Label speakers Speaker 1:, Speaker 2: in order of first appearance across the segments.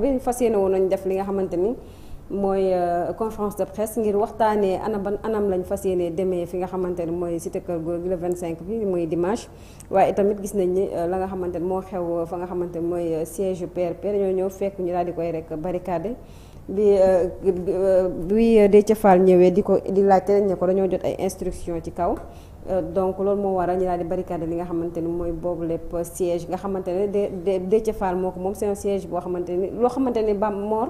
Speaker 1: bi fas yéene woon nañ def li nga xamante ni mooy euh, conférence de presse ngir waxtaanee ana ban anam lañ fas yéene demee fi nga xamante ni mooy cité kër góor gi le 25 bi mooy dimanche waaye itamit gis nañ ni euh, la nga xamante ni moo xew fa nga xamante ni mooy euh, siège PRP dañoo ñëw fekk ñu daal di koy rek barricade bi bi Déthié Fall ñëwee di ko di laajte ne ko dañoo jot ay instruction ci kaw Euh, donc loolu moo waral ñu daal di barricade li nga xamante ni mooy boobu lépp siège nga xamante ne de Déthié Fall moo ko moom c'est un boo xamante ni loo xamante ni ba moor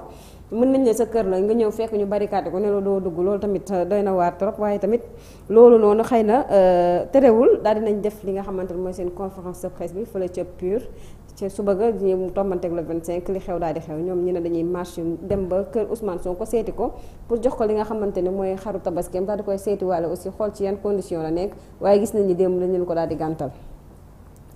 Speaker 1: mën nañ ne sa kër la nga ñëw fekk ñu barricade ko ne la doo dugg loolu tamit euh, doy na waar trop waaye tamit loolu noonu xëy na euh, terewul daal dinañ def li nga xamante ni mooy seen conférence de presse bi fële ca pur ci suba ga ñu tombanteeg le 25 li xew daal di xew ñoom ñu ne dañuy marché dem ba kër Ousmane Sonko seeti ko pour jox ko li nga xamante ne mooy xaru tabaskeem daal di koy seeti waale aussi xool ci yan condition la nekk waaye gis nañu démb lañ leen ko daal di gàntal.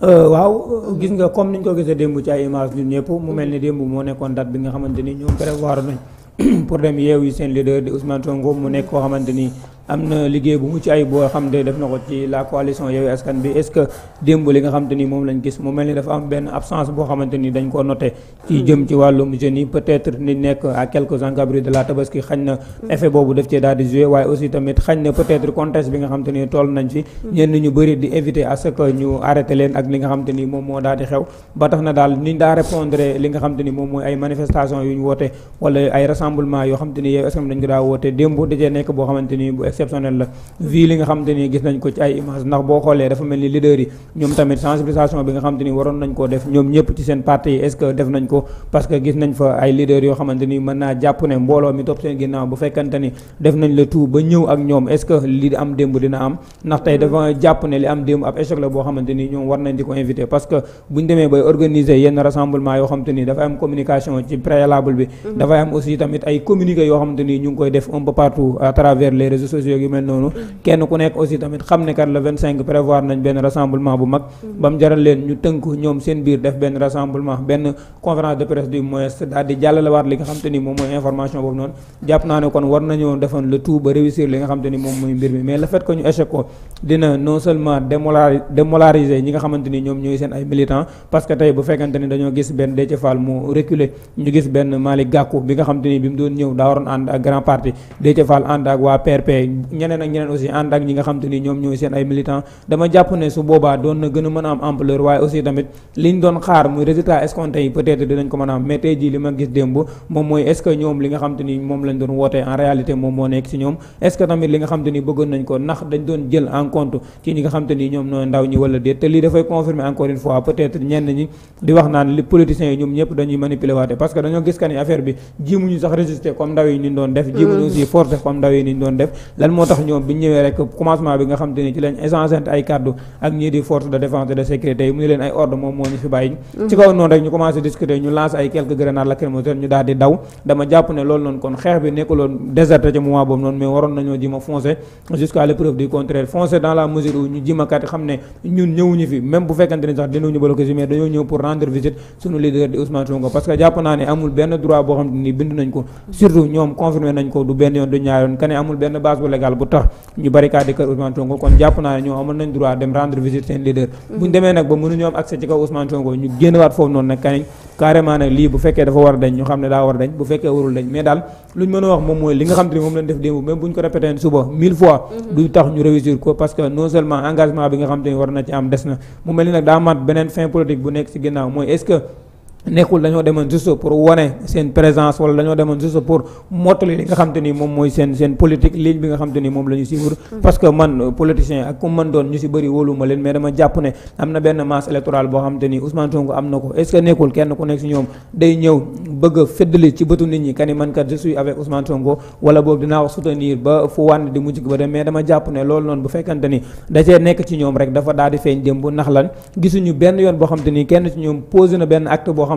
Speaker 2: Euh, waaw gis nga comme niñ ko gisee démb ci ay image ñun ñëpp mu mel ni démb moo nekkoon date bi nga xamante ni ñoom prévoir nañ pour dem yeew yi seen leader di Ousmane Sonko mu nekk koo xamante ni am na liggéey bu mucc ayib boo xam ne def na ko ci la coalition Yewwi Askan Wi est-ce que démb li nga xam te ni moom mu mel ni dafa am benn absence boo xamante ni dañ ko noté ci hmm. jëm ci wàllum jeunes yi peut-être ni nekk à quelques encablures de la tabaski xañ na hmm. effet nga xam te ni hmm. moo daal di xew ba tax na daal niñ daa répondre li nga xam te ni moom mooy ay manifestation yu ñu woote wala ay rassemblement yoo xam te ni Yewwi Askan Wi dañ ko daa woote démb dajee nekk boo xamante ni exceptionnel la vu li nga xamante ni gis nañ ko ci ay image ndax boo xoolee dafa mel ni leader yi ñoom tamit sensibilisation bi nga xamante ni waroon nañ koo def ñoom ñëpp ci seen parti yi est-ce que def nañ ko parce que gis nañ fa ay leaders yoo xamante ni mën naa jàpp ne mbooloo mi topp seen ginnaaw bu fekkante ni def nañ le tout ba ñëw ak ñoom est que mm. li am am démb ab sociaux yu mel noonu kenn ku nekk aussi tamit xam ne kat le 25 prévoir nañ benn rassemblement bu mag ba jaral leen ñu tënk ñoom seen biir def benn rassemblement benn conférence de presse du mooy seen ay militants parce tey bu fekkante ni dañoo gis benn Déthié mu reculer ñu gis benn Malick Gakou bi nga xam te bi mu doon ñëw daa waroon ànd ak grand parti Déthié ànd ak waa PRP ñeneen ak ñeneen aussi ànd ak ñi nga xam te ni ñoom ñooy seen ay militants dama jàpp ne su boobaa doon na gën a mën a am ampleur waaye aussi tamit liñ doon xaar muy résultat escompté yi peut-être dinañ ko mën a am mais tey jii li ma gis démb moom mooy est-ce que ñoom li nga xam te ni moom lañ doon wootee en réalité moom moo nekk ci ñoom est tamit li nga xam te ni bëggoon nañ ko ndax dañ doon jël en compte ci ñi nga xam te ni ñoom nooy ndaw ñi wala lan moo tax ñoom bi ñëwee rek commencement bi nga xam te ci lañ échangeante ay kàddu ak ñii di force de défense de sécurité yi mu ne leen ay ordre moom moo ñu fi bàyyi mhm. ci kaw noonu rek ñu commencé daw dama jàpp ne loolu noonu kon xeex bi nekkuloon déserté ci moment boobu noonu mais waroon nañoo jima foncer jusqu'à l'épreuve du contraire foncer dans la mesure où ñu jima kat xam ne ñun ñëwuñu fi même bu fekkante ne sax dinañu bloqué si mais dañoo ñëw pour légal bu tax ñu barricade kër Ousmane Sonko kon jàpp naa ne ñoo amoon nañ droit dem rendre visite seen leader mm-hmm. buñ demee nag ba mënuñoo am accès ci kaw Ousmane Sonko ñu génnawaat foofu noonu nag kañ carrément nag lii bu fekkee dafa war dañ ñu xam ne daa war dañ bu fekkee warul dañ mais daal luñ mën wax moom mooy li nga xam te moom lañ def démb même buñ ko répété suba mille fois mm-hmm. du tax ñu réussir ko parce non seulement engagement bi nga xam te nekkul dañoo demoon juste pour wane seen présence wala dañoo demoon juste pour mottali li nga xam te ni moom mooy seen seen politique ligne bi nga xam te ni moom la ñu suivre mm-hmm. parce que man euh, politicien ak ku man doon ñu si bëri wóoluma leen mais dama jàpp ne am na benn masse électorale boo xam te ni Ousmane Sonko am na ko est ce que nekkul kenn ku nekk si ñoom day ñëw bëgg a feddali ci bëtu nit ñi kani man kat je avec Ousmane Sonko wala boobu dinaa wax soutenir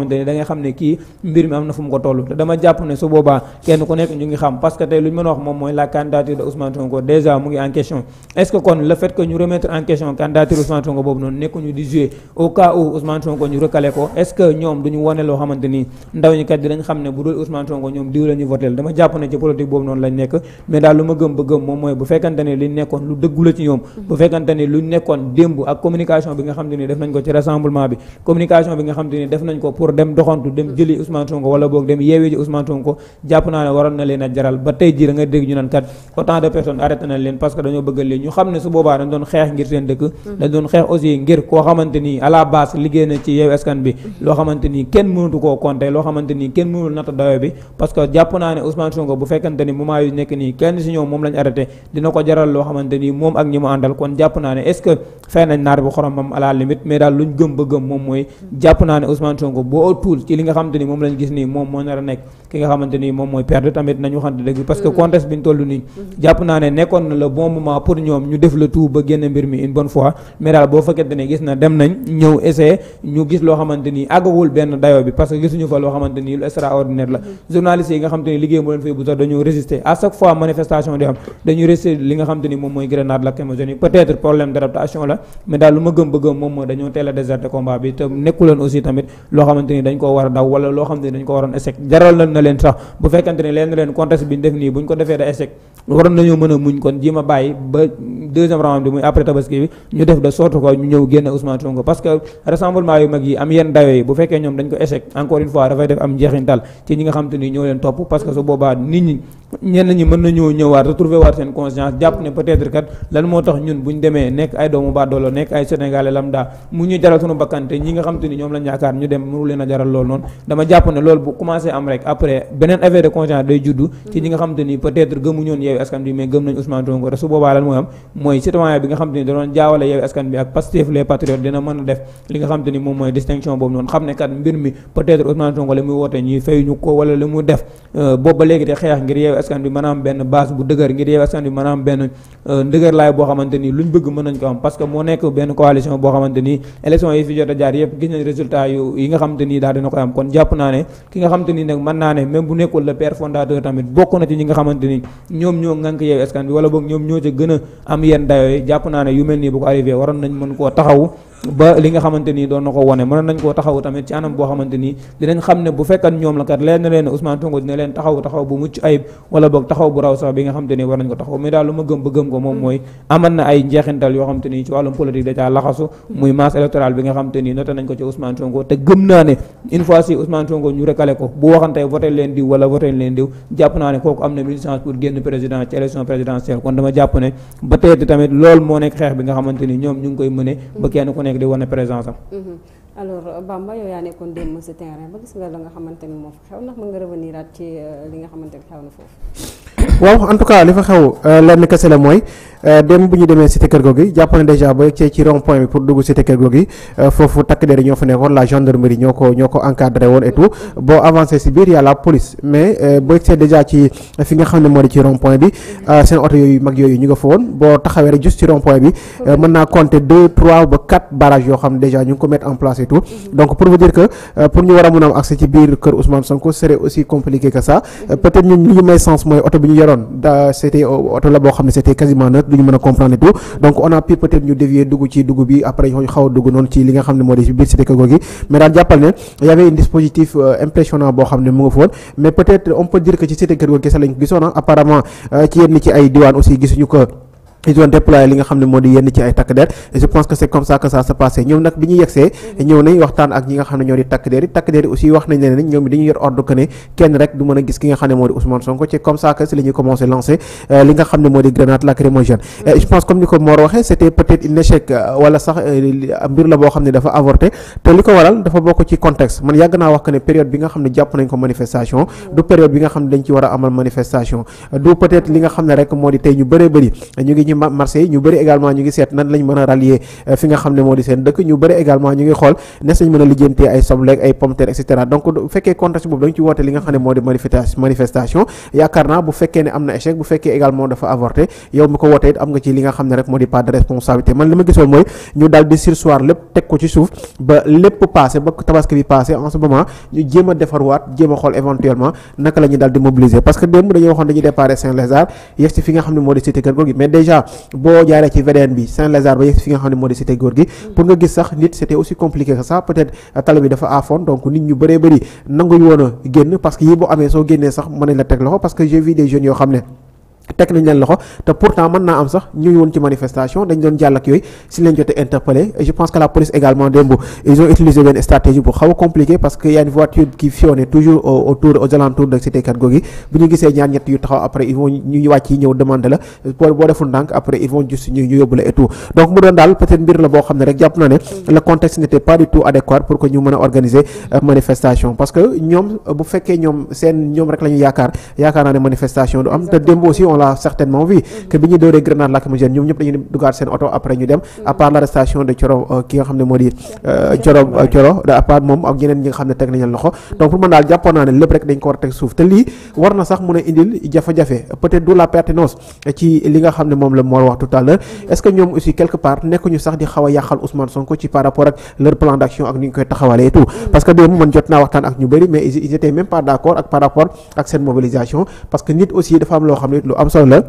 Speaker 2: boobu noonu nekkuñu di jouer au cas où Ousmane Sonko ñu recalé ko est-ce que ñoom duñu wane loo xamante nii ndaw ñi kat xam ne bu dul Ousmane Sonko ñoom diw la votel dama jàpp ne ci politique boobu noonu lañ nekk mais daal lu ma gëm ba gëm moom mooy bu fekkante ne liñ nekkoon lu dëggu ci ñoom bu fekkante ne luñ nekkoon démb ak communication bi nga xam te def nañ ko ci rassemblement bi communication bi nga xam te def nañ ko pour pour dem doxantu dem jëli Ousmane Sonko wala boog dem yeewee ji Ousmane Sonko jàpp naa ne waroon na leen a jaral ba tey jii da nga dégg ñu naan kat autant de personnes arrêté nañ leen parce que dañoo bëgg leen ñu xam ne su boobaa dañ doon xeex ngir seen dëkk mm-hmm. dañ doon xeex aussi ngir koo xamante nii à liggéey na ci yeewu askan bi mm-hmm. loo xamante nii kenn mënatu koo compter loo xamante nii kenn mënul natta dayo bi parce que jàpp naa ne Ousmane Sonko bu fekkante nii mu au tout ci li nga xamante ni moom lañ gis nii moom moo nar nekk ki nga xamante ni moom mooy perdre tamit nañu xam dëgg parce que mm. contexte bi ñu toll nii jàpp naa ne nekkoon na le bon pour ñoom ñu def le tout ba génn mbir mi une bonne fois mais daal boo fekkente ne gis na dem nañ ñëw essayé ñu gis loo xamante ni àggawul benn dayoo bi parce que gisuñu fa loo xamante ni lu extraordinaire la mm. journalistes yi nga xamante ni liggéey moo leen fay bu dañu xamante dañ koo war daw wala loo xamante ni dañ ko waroon échec jaral na leen sax bu fekkante ni leen na leen contexte bi ñu def nii bu ko defee da échec waroon nañoo mën a muñ kon ji bàyyi ba deuxième round bi muy après tabaski bi ñu def de sorte ñu ñëw génn Ousmane Sonko parce que yu mag yi am yenn dayo yi bu fekkee ñoom dañ ko échec encore une fois dafay def am njeexintal ci ñi nga xamante ni ñoo leen topp parce su boobaa nit ñi ñenn ñi mën nañoo ñëwaat retrouver waat seen conscience jàpp ne peut kat lan moo tax ñun bu ñu demee nekk ay doomu baadoolo nekk ay sénégalais lambda mu ñu jaral suñu bakkante ñi nga xam te ni ñoom lañ yaakaar ñu dem mënu leen a jaral loolu noonu dama jàpp ne loolu bu commencé am rek après beneen effet de conscience day juddu ci ñi nga xam te ni peut-être gëmuñoon Yewwi Askan Wi mais gëm nañ Ousmane Sonko te su boobaa lan mooy am mooy citoyen bi a askan bi mën a am benn base bu dëgër ngir yeewu askan bi mën a am benn euh, ndëgër laay boo xamante ni luñ bëgg mën nañ ko am parce que moo nekk benn coalition boo xamante ni élection yi fi jot a jaar yëpp gis nañ résultat yi nga xamante ni daal dina koy am kon jàpp naa ne ki nga xamante ni nag mën naa ne même bu nekkul le père fondateur tamit bokk na ci ñi nga xamante ni ñoom ñoo ngànk yeewu askan bi wala boog ñoom ñoo ca gën a am yenn dayo yi jàpp naa ne yu mel nii waroon nañ mën koo taxaw ba li nga xamante ni doon na ko wone mënoon nañ koo taxaw tamit ci anam boo xamante ni dinañ xam ne bu fekkan ñoom la kat leen leen Ousmane Sonko dina leen taxaw taxaw bu mucc ayib wala boog taxaw bu raw sax bi nga xamante ni war nañ ko taxaw mais daal lu ma gëm ba gëm ko moom mooy aman na ay njeexintal yoo xamante ni ci wàllum politique da caa laxasu muy masse électorale bi nga xamante ni noté nañ ko ci Ousmane Sonko te gëm naa ne une fois si nekk di wane
Speaker 3: présence am.
Speaker 1: Mhm. alors euh, Bamba yow yaa nekkoon démb si terrain ba gis nga la nga xamante ni moo fa xew ndax mën nga revenir at ci euh, li nga xamante xew na foofu.
Speaker 3: waaw en li fa xew euh, lenn kese la Euh, dem bu ñu demee cité kër googu déjà ba ci ci rond bi pour dugg cité kër euh, foofu takk der ñoo fa nekkoon la gendarmerie ñoo ko ñoo ko encadré woon et boo avancé si biir y a police mais euh, boo egsee déjà ci fi nga xam ne moo di ci rond bi seen oto yooyu mag yooyu ñu nga fa woon boo taxawee rek juste ci rond bi mën naa compter deux trois ba quatre barrages yoo xam ne déjà ñu ngi ko mettre en place et donc pour vous dire que a a ñu mën a comprendre et tout donc on a pu peut ñu dévier dugg ci dugg bi après ñu xaw dugg noonu ci li nga xam ne moo di ci biir cité Keur Gorgui mais daal jàppal ne y avait un dispositif euh, impressionnant boo xam ne mu nga foon mais peut on peut dire que ci cité Keur Gorgui sax lañ gisoon apparemment euh, ci yenn ci ay diwaan aussi gisuñu ko ñu doon déployer li nga je pense comme ça que ça se ñoom nag bi ñu yegsee ñëw nañ waxtaan ak ñi nga xam ne ñoo di takk der takk der yi wax nañ leen ñoom dañu yor ordre ne kenn rek du mën a gis ki nga xam ne moo di Ousmane Sonko ci comme ça si la ñuy commencé euh, li nga xam ne moo di grenade lacrymogène je pense comme ni ko Mor waxee c'était peut-être un échec euh, wala sax euh, mbir la boo xam ne dafa avorté te li ko waral dafa bokk ci contexte man yàgg naa wax que bi nga xam ne jàpp nañ ko manifestation du période bi nga xam ne ci marché ñu bëri également ñu ngi seet nan lañ mën a rallier euh, fi nga xam ne moo di seen dëkk ñu bëri également ñu ngi xool nes lañ mën a lijjantee ay sobleeg ay pomme de donc bu fekkee contexte boobu da nga ci woote Saint-Lazare yegg ci fi nga xam ne moo di cité kër gi mais déjà déjà boo jaaree ci VDN bi Saint-Lazare ba yegg fi nga xam ne moo di cité góor gi pour nga gis sax nit c'était aussi compliqué que peut-être euh, tali bi dafa à donc nit ñu bëree bëri nanguñu woon génn parce que boo amee soo génnee sax mën nañ la teg loxo parce que j'ai vu yoo xam ne teg nañ leen loxo te pourtant mën naa am sax ñu woon ci manifestation dañ doon jàll ak yooyu si leen jotee interpellé je pense que la police également démb ils ont utilisé benn stratégie bu xaw a parce que y a une voiture qui fionnait toujours autour aux alentours de cité kat googi bu ñu gisee ñaar ñett yu taxaw après ils vont ñu wàcc yi ñëw demandé la boo boo ndànk après ils vont juste ñu yóbbu la et donc mu doon daal peut mbir la l'a certainement vu mm-hmm. que bi ñu dóoree grenade lacrymogène ñoom ñëpp dañu dugaat seen oto après ñu dem mm-hmm. à part l'arrestation de Thioro euh, ki nga xam ne moo di euh, Thioro Thioro euh, à moom ak ñeneen ñi nga xam ne teg nañ loxo mm-hmm. donc pour man daal jàppoon naa rek dañ ko war a teg suuf te lii war na sax mun a indil jafe-jafe peut du la pertinence ci li nga xam ne moom la moo wax tout à est-ce que ñoom aussi quelque part nekkuñu sax di xaw a yàqal Ousmane Sonko ci par am solo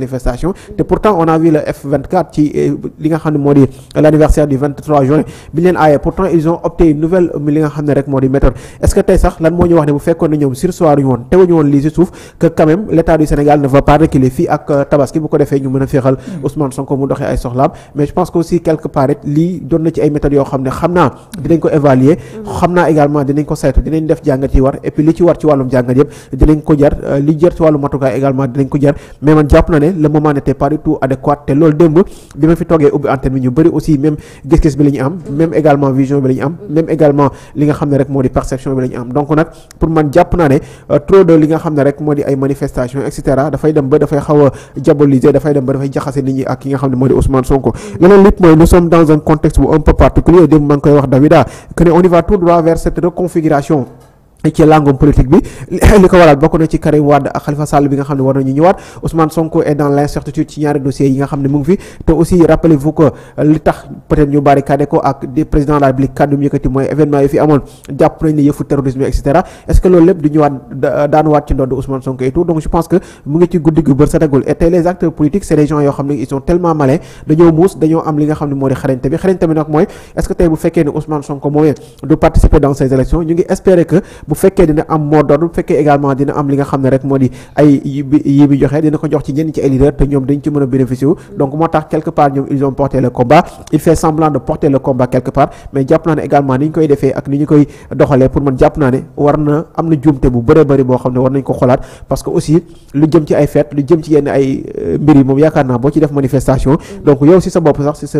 Speaker 3: manifestation te pourtant on a vu le f ci euh, li nga xam ne moo di l' anniversaire du 23 juin bi leen aayee pourtant ils ont opté une nouvelle euh, li nga xam ne rek moo di méthode est ce que tey sax lan moo ñu wax ne bu fekkoon ne ñoom sursoir ñu woon teguñu woon lii si suuf que quand même du Sénégal ne va pas reculer fii ak euh, tabaski bu ko defee ñu mën a féexal mm. Ousmane Sonko mu doxee ay soxlaam mais je pense que aussi quelque part lii doon na ci ne le moment n'était pas du tout adéquat te lool démb bi ma fi toogee ubbi antenne bi ñu bëri aussi même gis-gis bi la ñu am même également vision bi la ñu am même également li nga xam ne rek moo di perception bi la ñu am donc nag pour man jàpp naa ne euh, trop de li nga xam ne rek moo di ay manifestation et cetera dafay dem ba dafay xaw a diaboliser dafay dem ba dafay jaxase nit ñi ak ki nga xam ne moo di Ousmane Sonko leneen lépp mooy nous sommes dans un contexte bu ci langum politique bi li ko waral bokk na ci Karim Wade ak Khalifa Sall bi nga xam ne war nañu ñëwaat Ousmane Sonko est dans l'incertitude ci ñaari dossiers yi nga xam ne mu ngi fi te aussi rappelez-vous euh, li tax peut-être ñu barricadé ko ak di président de la kàddu mu yëkkati donc je pense que mu ngi ci guddi gu bër satagul tey les acteurs politiques c'est yoo xam ne ils sont tellement dañoo muus dañoo am li nga xam ne moo di xarañte bi xarañte bi nag bu fekkee dina am mot d'ordre bu fekkee également dina am li nga xam ne rek moo di ay yi bi joxe dina ko jox ci ñenn ci ay leader te ñoom dañ ci mën a bénéficier wu mm-hmm. donc moo tax quelque part ñoom ils ont porté le combat il fait semblant de porter combat quelque part mais jàpp naa ne également ni ñu koy defee ak ni ñu koy doxalee pour man jàpp naa ne war na am na juumte bu bëree bëri boo xam ne war nañ ko xolaat parce que aussi lu jëm ci ay fête lu jëm ci yenn ay euh, mbir yi moom yaakaar naa boo ci def manifestation mm-hmm. donc yow si sa bopp sax si sa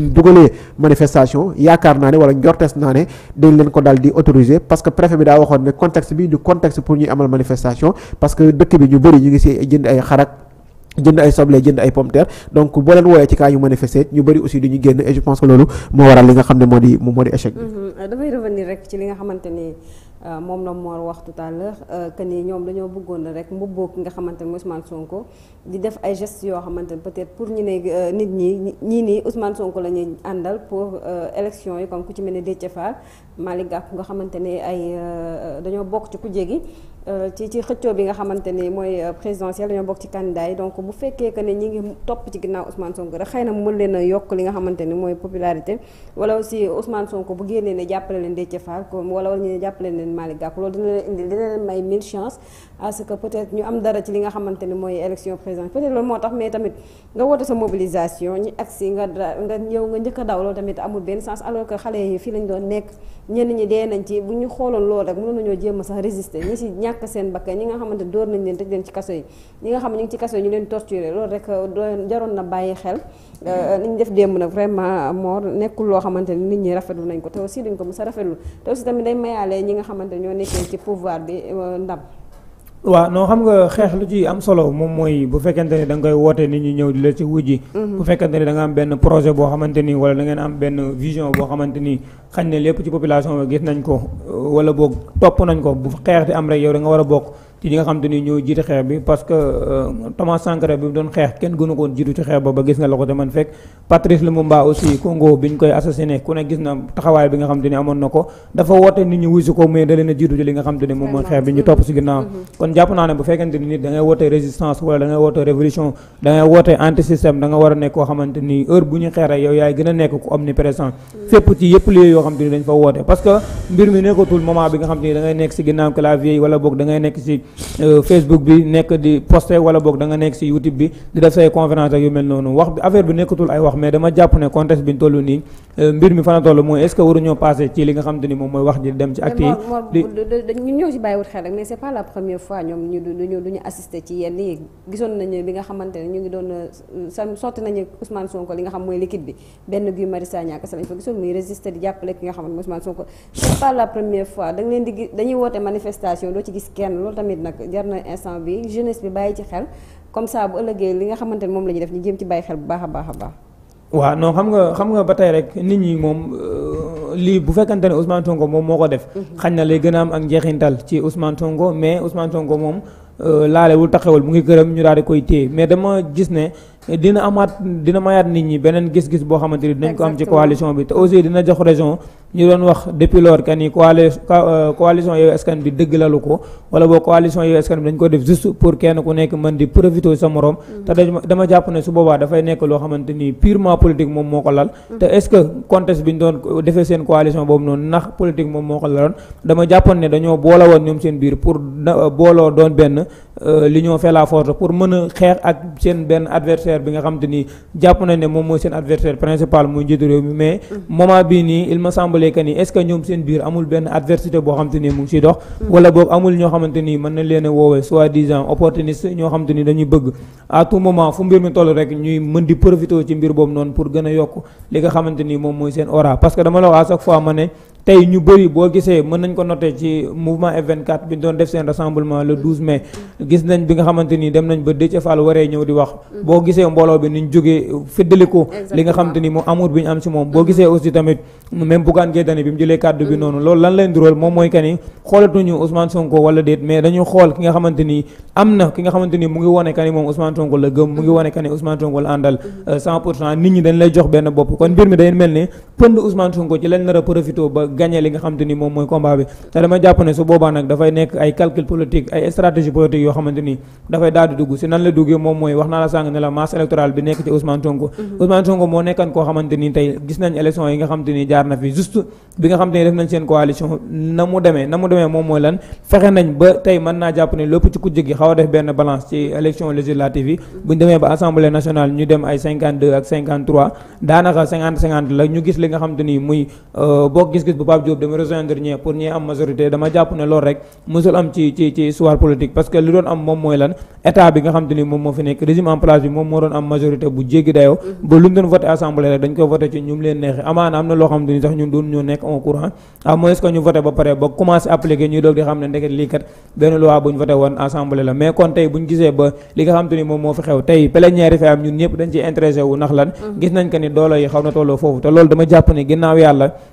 Speaker 3: buñ dugalee manifestation yaakaar naa ne wala njortes naa ne dañ leen ko daal di autoriser parce que préfet bi daa waxoon ne contexte bi du contexte pour ñuy amal manifestation parce que dëkk bi ñu bëri ñu ngi si jënd ay xarak jënd ay soble jënd ay pomme donc boo leen ci kaa ñu manifester ñu bëri aussi duñu génn et je loolu moo waral li nga xam ne moo di moo di échec bi.
Speaker 1: Mm-hmm. Euh, dafay revenir rek ci li nga xamante Euh, moom la Mor waxtu tout à l'heure euh, que ni ñoom dañoo bëggoon rek mbubboo ki nga xamante ne mooy Sonko di def ay gestes yoo xamante ne peut-être pour ñu ne euh, nit ñi ñii nii Ousmane Sonko la ñuy àndal pour élection yi comme ku ci mel ne Déthié Fall Malick Gakou nga xamante ne ay euh, dañoo bokk ci kujje gi euh, ci ci xëccoo bi nga xamante ne mooy euh, présidentiel dañoo bokk ci candidat yi donc bu fekkee que ne ñu ngi topp ci ginnaaw Ousmane Sonko rek xëy na mën leen a yokk li nga xamante ne mooy popularité wala aussi Ousmane Sonko bu génnee ne jàppale leen de Fall comme wala wala ñu ne jàppale leen Malick Gakou loolu dina leen indi dina leen may mille chance à peut-être ñu am dara ci li nga xamante ne mooy élection présidentielle peut-être loolu moo tax mais tamit nga woote sa mobilisation ñu agsi nga nga ñëw nga njëkk a tamit amul benn sens alors que xale yi fii lañ doon nekk ñenn ñi dee nañ ci bu ñu xooloon loolu rek mënoon nañoo jéem sax résister ñi si ñàkk seen bakkan ñi nga xamante door nañ leen tëj leen ci kaso yi ñi nga xam ne ñu ngi ci kaso ñu leen torturé loolu rek euh, jaroon na bàyyi xel li euh, ñu def démb nag vraiment Mor nekkul loo xamante ni nit ñi rafetlu nañ ko te aussi duñ ko mës a rafetlu te aussi tamit day mayaale ñi nga xamante ñoo nekkee ci pouvoir bi euh, ndam
Speaker 2: waaw noo xam nga xeex lu ci am solo moom mooy bu fekkente ni da nga koy woote nit ñi ñëw di la ci wujji mm-hmm. bu fekkente ni da nga am benn projet boo xamante ni wala dangeen am benn vision boo xamante ni xañ ne lépp ci population bi gis nañ ko wala boog topp nañ ko bu xeex di am rek yow da nga war a bokk ci ñi nga xam ni ñoo jiite xeex bi parce que euh, Sankara bi doon xeex kenn gënu koon jiitu ci xeex ba ba gis nga la ko te man fekk Patrice Lumumba aussi Congo bi ñu koy assassiné ku ne gis na taxawaay bi nga xam ni amoon na ko dafa woote nit ñi wuyu ko mais da leen a jiitu ci li nga xam te ni moom mooy xeex bi ñu topp si ginnaaw mm-hmm. Mm-hmm. kon jàpp naa ne bu fekkente ni nit da woote résistance wala da woote révolution da woote anti système a a nekk ku omniprésent mm-hmm. fépp ci yëpp lieu yoo xam te Euh, Facebook bi nekk di posté wala boog da nekk si YouTube bi di def say conférence ak yu mel noonu wax affaire bi nekkatul ay wax mais dama jàpp ne contexte bi euh, nga xamante ni moom mooy wax bi
Speaker 1: benn Guy Marius Sagna kese lañ fa gisoon muy résister di jàppale ki nga xam ne Ousmane Sonko c'est pas la première fois da leen di dañuy woote manifestation doo ci gis kenn loolu tamit nag jar na instant bi jeunesse bi bàyyi ci xel comme ça bu ëllëgee li nga xamante ne moom la ñuy def ñu jéem ci bàyyi xel bu baax a baax a baax.
Speaker 2: waaw non xam nga xam nga ba tey rek nit ñi moom euh, lii bu fekkante ne Ousmane tongo moom moo ko def. Mm-hmm. xañ na lay gën am ak njeexintal ci Ousmane Sonko mais Ousmane Sonko moom euh, laalewul taxawal mu ngi këram ñu daal di koy téye mais dama gis ne. dina amaat dina mayaat nit ñi beneen gis-gis boo xamante ni dinañ ko am ci coalition bi te aussi dina jox région ñu doon wax depuis lors que ni euh, coalition Yewwi Askan Wi dëgg lalu ko wala boo coalition Yewwi Askan Wi dañ ko def juste pour kenn ku nekk mën di profité sa morom. Mm. te dama jàpp ne su boobaa dafay nekk loo xamante ni purement politique moom moo ko lal. Mm. te est-ce que contexte bi ñu doon defee seen coalition boobu noonu ndax politique moom moo ko laloon jàppoon ne dañoo boolawoon ñoom seen biir pour euh, booloo doon benn. Euh, l'union fait la force pour mën a xeex ak seen benn adversaire bi nga xam te ni jàpp na ne moom mooy seen adversaire principal muy njiitu réew mi mais mm. moment bii nii il me semblait que ni est-ce que ñoom seen biir amul benn adversité boo xam te ni mu ngi siy dox mm. wala boog amul ñoo xamante ni mën na leen a woowee soi-disant opportuniste ñoo xam te dañuy bëgg à tout moment fu mbir mi toll rek ñuy mën di profité ci mbir boobu noonu pour gën a yokk li nga xamante ni moom mooy seen aura parce que dama la wax tey ñu bëri boo gisee mën nañ ko noter ci mouvement F24 bi doon def seen rassemblement le 12 mai gis nañ bi nga xamante ni dem nañ ba Déthié Fall waree ñëw di wax mm. boo gisee mbooloo bi niñ jógee féddali ko li nga xamante ni moom amour bi ñu am si moom boo gisee aussi tamit même Bougane Gueye bi mu jëlee kàddu bi noonu loolu lan leen dural moom mooy que xoolatuñu Ousmane Sonko wala na ki nga xamante mu ngi wane que ni moom Ousmane Sonko ni Ousmane Sonko la àndal 100 euh, pour cent nit ñi dañ lay jox benn bopp a mm-hmm. moo nekkan koo xamante tey gis nañ élection yi nga xamante ni jaar na fi juste bi nga xam te def nañ seen coalition na mu demee na mu demee moom mooy lan fexe nañ ba tey mën naa jàpp ne lépp ci ku jëggi xaw a def benn balance ci élection législative yi bu demee ba assemblée nationale ñu dem ay 52 ak 53 daanaka 50 50 la ñu gis li nga xam ni muy euh, bokk gis-gis bu Pape Diop dama rejoindre ñee pour ñee am majorité dama jàpp ne loolu rek mosul am ci ci ci histoire politique parce que xamante ni sax doon ñoo nekk en courant à moins que ñu voté ba pare ba commencé appliquer ñuy doog di xam ne ndeket lii kat benn loi bu ñu voté woon assemblée la mais kon tey bu gisee ba li nga xamante ni moom moo fi xew tey plénière fi am ñun ñëpp dañ ci intéressé wu ndax lan mm-hmm. gis nañ que ni doole xaw na tolloo foofu te loolu dama jàpp ni ginnaaw yàlla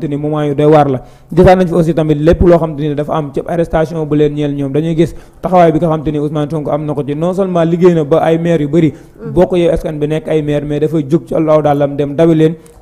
Speaker 2: xamante ni moment yu doy waar la gisaat nañ fi aussi tamit lépp loo xamante ni dafa am ci arrestation bu leen ñeel ñoom dañuy gis taxawaay bi nga xamante ni Ousmane Sonko am na ko ci non seulement liggéey na ba ay maire yu bëri bokk yow askan bi nekk ay maire mais dafa jóg ci allahu daalam dem dawi leen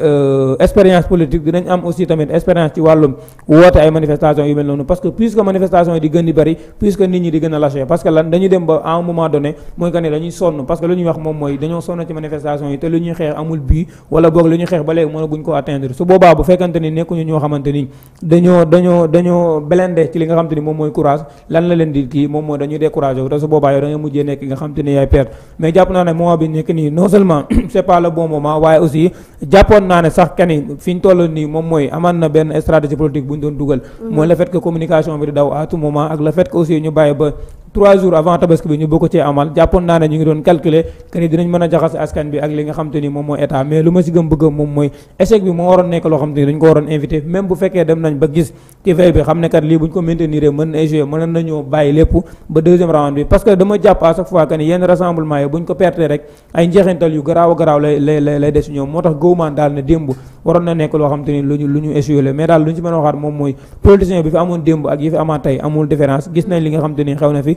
Speaker 2: Euh, expérience politique dinañ am aussi tamit expérience ci wàllum woote ay manifestation yu mel noonu parce que puisque manifestation yi di gën di bëri puisque nit ñi di gën a lâché parce que lan dañuy dem ba à moment donné mooy que dañuy sonn parce que lu ñuy wax moom mooy dañoo sonn ci manifestation yi te lu ñuy xeex amul bii wala boog lu ñuy xeex ba léegi moom mooy courage lan la leen di kii moom mooy dañuy découragé wu te su boobaa yow da jàppoon naa ne sax kenn fi ñu toll nii moom mooy amaan na benn stratégie politique bu ñu doon dugal mm-hmm. mooy la fait que communication bi di daw à tout moment ak le fait que aussi ñu bàyyi ba trois jours avant tabaski bi ñu bokk cee amal jàppoon naa ne ñu ngi doon calculer que ni dinañ mën a jaxase askan bi ak li nga xam te ni moom mooy état bi fi amoon démb ak yi fi amaat tey amul différence gis nañ li nga xam te ni xew na fi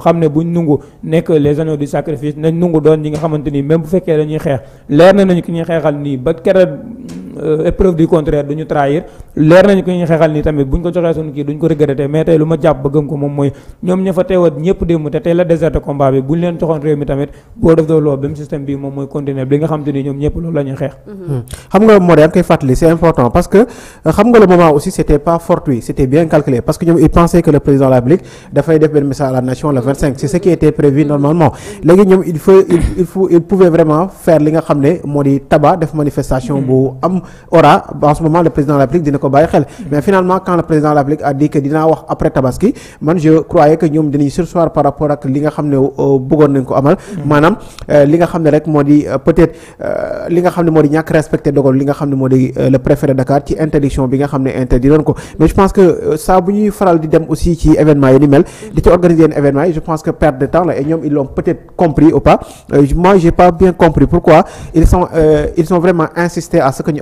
Speaker 2: xam ne buñ nungu nekk les agneaux du sacrifice nañ nungu doon ñi nga xamante ni même bu fekkee dañuy xeex leer na nañu ki ñuy xeexal nii ba keroog Euh, épreuve du contraire du trahir leer nañ ko ñu xeexal ni tamit bu ko joxee suñu kii duñ ko regretté mais tey lu ma jàpp ba gëm ko moom mooy ñoom ña fa tey la désert de combat bi bu leen joxoon réew mi tamit boo def loolu ba mu système bi moom mooy continuer bi nga xam ni ñoom ñëpp loolu la xeex mhm. hmm.
Speaker 3: xam nga moo dee koy fàttali c'est important parce que euh, xam nga le moment aussi c'était pas fortuit c'était bien calculé parce moom aura en ce moment le président de la République dina ko bàyyi xel mm. mais finalement quand le président de la République a dit que dinaa wax après tabaski man je croyais que ñoom dinañ sursoir par rapport ak li nga xam ne euh, bëggoon nañ ko amal mm. maanaam euh, li nga xam ne rek moo di euh, peut-être li nga xam ne moo di ñàkk respecté dogal li nga xam ne moo di le préfet de Dakar ci interdiction bi nga xam ne interdit doon ko mais je pense que saa bu ñuy faral di dem aussi ci événement yi ni mel di ci organiser yenn événement yi je pense que perte de temps la et ñoom ils l'ont peut-être compris ou pas moi j'ai pas bien compris pourquoi ils sont ils sont vraiment insisté à ce que ñu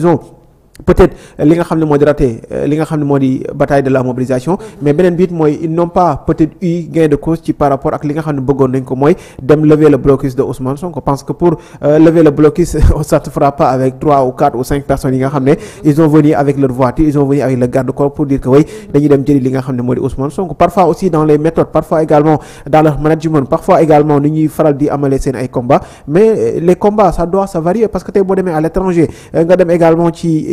Speaker 3: maison peut-être euh, li nga xam ne moo di raté euh, li nga xam ne moo di bataille de la mobilisation mm-hmm. mais beneen bi mooy ils n'ont pas peut-être eu gain de cause ci par rapport ak li nga xam ne bëggoon nañ ko mooy dem lever le blocus de Ousmane Sonko parce que pour euh, lever le blocus ça trois ou quatre ou cinq personnes yi nga xam ne mm-hmm. ils ont venu avec leur voiture ils ont venu avec le garde-corps pour dire que way mm-hmm. dañuy dem jëli li nga xam ne moo di Ousmane Sonko parfois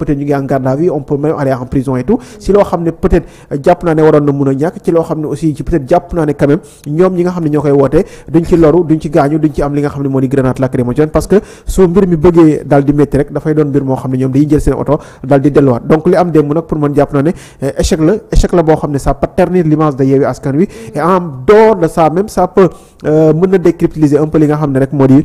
Speaker 3: peut-être ñu ngi en garde à vue on peut même aller en prison et si loo xam ne peut euh, jàpp naa ne waroon na mun a ñàkk ci loo xam ne aussi ci peut jàpp naa ne quand ñoom ñi nga xam ne ñoo koy wootee duñ ci loru duñ ci gaañu duñ ci am li nga xam ne moo di grenade lacrymogène parce que euh, la échec la boo xam ne ça peut ternir l'image de Yewwi Askan Wi et en dehors de ça même ça euh, mën na décryptiliser un peu li nga xam ne rek moo di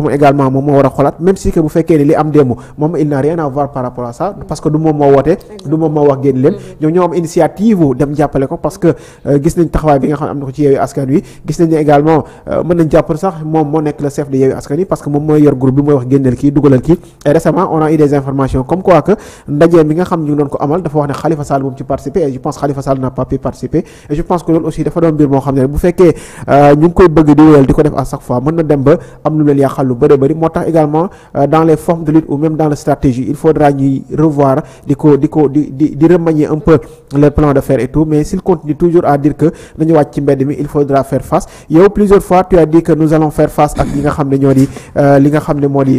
Speaker 3: boobu également moom moo war a xolaat même si que bu fekkee ne li am démb moom il n'a rien à voir par rapport à ça mm-hmm. parce que du moom moo woote du moom moo wax génn leen mm-hmm. ñoom ñoo am initiative dem jàppale ko parce que euh, gis nañ taxawaay bi nga xam ne am na ko ci yeewi askan wi gis nañ ne également euh, mën nañ jàppal sax moom moo nekk le chef de yeewi askan wi parce que moom mooy yor groupe bi mooy wax génneel kii dugalal kii et récemment on a eu des informations comme quoi que ndaje mi nga xam ñu ngi doon ko amal dafa wax ne Khalifa Sall moom ci participer et je pense Khalifa Sall n'a pas pu participer et je pense que loolu aussi dafa doon mbir moo xam ne bu fekkee euh, ñu ngi koy bëgg di wéyal di ko def à chaque fois mën na dem ba am lu leen yàqal lu bëri bëri moo tax également euh, dans les formes de lutte ou même dans la stratégie il faudra ñuy revoir di ko di ko di di di remanier un peu le plan de faire et tout mais s'il continue toujours à dire que nañu wàcc ci mbedd mi il faudra faire face yow plusieurs fois tu as dit que nous allons faire face ak li nga xam ne ñoo di euh, li nga xam ne moo di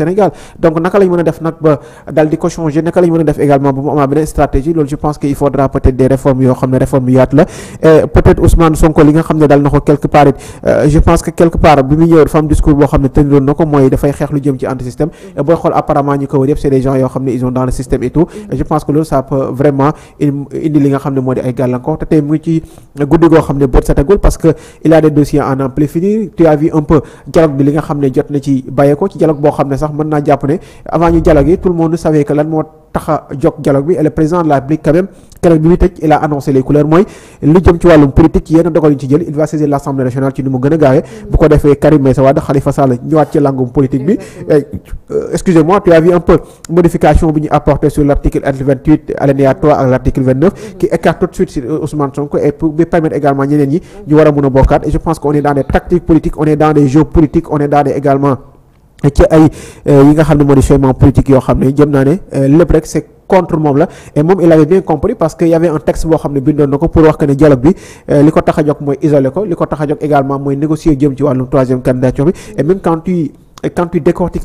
Speaker 3: Sénégal donc naka lañ mën a def nag ba dal di ko changer naka lañ mën a def également ba mu amaa beneen stratégie loolu je pense que il faudra peut-être des réformes yoo xam ne réformes yu yaatu la et peut-être Ousmane Sonko li nga xam ne dal na ko quelque part it euh, je pense que quelque part bi muy ñëw dafa am discours boo xam ne tëniloon na ko mooy dafay xeex lu jëm ci anti système booy xool apparemment ñu ko wër yëpp c'est des yoo xam ne ils dans le système guddi goo xam ne boot setagul parce que il y a des en amplifini tu as vu un peu dialogue bi li nga xam ne jot na ci bàyyee ko ci dialogue boo xam ne sax mën naa jàpp ne avant ñu dialogue yi tout le monde savait que lan moo tax a jóg bi et le président de la République quand même keroog bi muy tëj il a annoncé les couleurs mooy lu jëm ci wàllum politique yenn dogal ñu ci jël il va saisir l'Assemblée nationale ci ni mu gën gaawee bu ko defee Karim Meïssa Wade Khalifa Sall ñëwaat ci langum politique bi euh, excusez-moi tu as vu modification bi ñu apporté sur l'article L28 alinéa 3 ak l'article 29 qui tout de suite Ousmane Sonko et pour bi permettre également ci ay euh, yi nga xam ne moo di changement politique yoo xam ne jëm naa ne euh, lépp rek c'est contre moom la et moom il avait bien compris parce que y avait un texte boo xam ne bindoon na ko pour wax que ne dialogue bi euh, li ko tax a jóg mooy isoler ko li ko tax a jóg également mooy négocier jëm ci wàllum troisième candidature bi et même quand tu quand tu décortiques